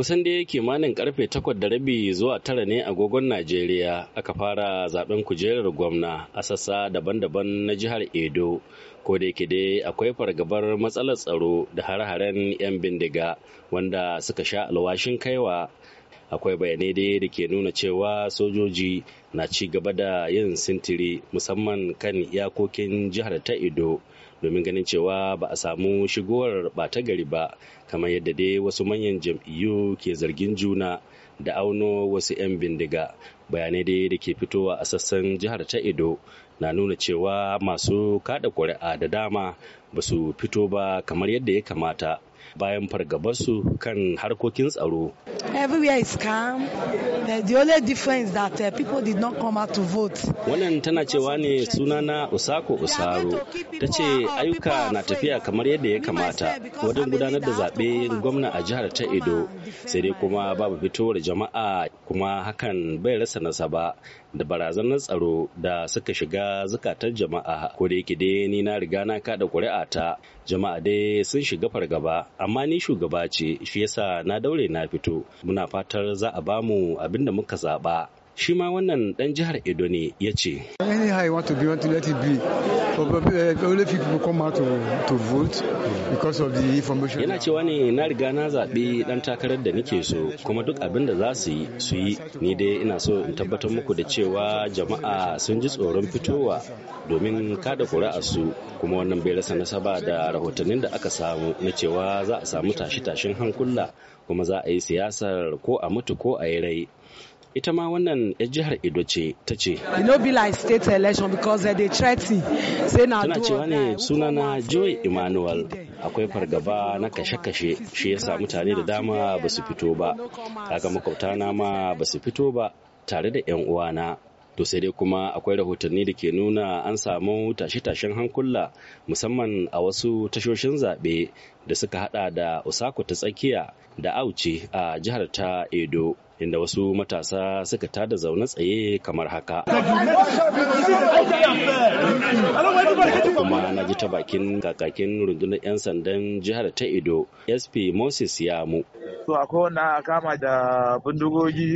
kusan da kimanin karfe takwas da rabi zuwa tara ne a agogon najeriya aka fara zaben kujerar gwamna a sassa daban-daban na jihar edo ko da yake dai akwai fargabar matsalar tsaro da hare-haren 'yan bindiga wanda suka sha alwashin kaiwa akwai bayanai dai da ke nuna cewa sojoji na ci gaba da yin sintiri musamman kan iyakokin jihar ta ido domin ganin cewa ba a samu shigowar ɓata gari ba kamar yadda dai wasu manyan jam'iyyu ke zargin juna da auno wasu 'yan bindiga bayanai dai da ke fitowa a sassan jihar ta edo na nuna cewa masu kada ƙuri'a da dama ba su fito ba kamar yadda ya kamata bayan fargabarsu kan harkokin tsaro. Everywhere is calm. Uh, did not come to vote. Wannan tana cewa ne sunana Usako Usaro. Ta ce ayyuka na tafiya kamar yadda ya kamata wajen gudanar da zaɓe gwamna a jihar ta Edo. Sai dai kuma babu fitowar jama'a kuma hakan bai rasa ta nasaba da barazanar tsaro da suka shiga zukatar jama'a ko da yake dai ni na riga na kada ƙuri'a ta jama'a dai sun shiga fargaba amma ni shugaba ce shi yasa na daure na fito muna fatar za a bamu abin da muka zaɓa shi ma wannan dan jihar edo ne ya ce Eh, Yana cewa ne na riga na zaɓi ɗan takarar da nake so kuma duk abin da za su yi su yi ni dai ina so in tabbatar muku da cewa jama'a sun ji tsoron fitowa domin kada su kuma wannan bai rasa nasaba da rahotannin da aka samu na cewa za a samu tashi-tashin hankula kuma za a yi siyasar ko a mutu ko a yi rai ita ma wannan yar jihar Edo ce ta ce. You be like state eh, Tana cewa ne sunana Joy Emmanuel akwai fargaba na kashe-kashe shi yasa mutane da dama ba su fito ba. Kaga na ma ba su fito ba tare da 'yan uwana to sai dai kuma akwai rahotanni da ke nuna an samu tashe-tashen hankula musamman a wasu tashoshin zaɓe da suka hada da osako ta tsakiya da auci a jihar ta edo inda wasu matasa suka tada zaune tsaye kamar haka kuma na ji ta bakin kakakin rundunar 'yan sandan jihar ta edo sp moses yamu to akwai wanda kama da bindigogi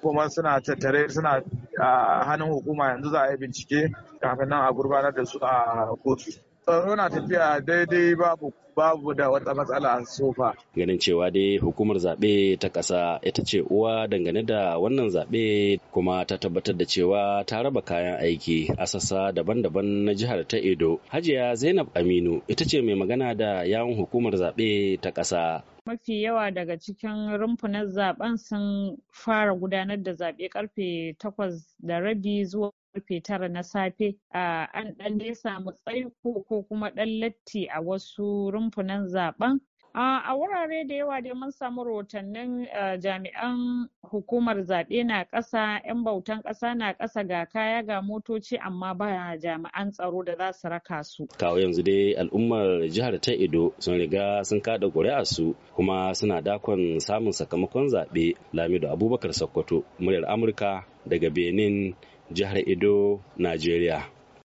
kuma suna tattare suna a hannun hukuma yanzu za a yi bincike kafin nan a gurbanar da su a kotu. tsaro na tafiya daidai babu babu da wata matsala a sofa. Ganin cewa dai hukumar zaɓe ta ƙasa ita ce uwa dangane da wannan zaɓe kuma ta tabbatar da cewa ta raba kayan aiki a sassa daban-daban na jihar ta Edo. Hajiya Zainab Aminu ita ce mai magana da yawun hukumar zaɓe ta ƙasa. Mafi yawa daga cikin rumfunan zaben sun fara gudanar da zaɓe karfe takwas da rabi zuwa karfe tara na safe an ɗan dai samu tsaiko ko kuma ɗan latti a wasu rumfunan zaben a wurare da yawa dai mun samu rahotannin jami'an hukumar zaɓe na ƙasa 'yan bautan ƙasa na ƙasa ga kaya ga motoci amma ba jami'an tsaro da za su raka su kawo yanzu dai al'ummar jihar ta ido sun riga sun kada ƙuri'a su kuma suna dakon samun sakamakon zaɓe lamido abubakar sokoto muryar amurka daga benin jihar Edo, Najeriya.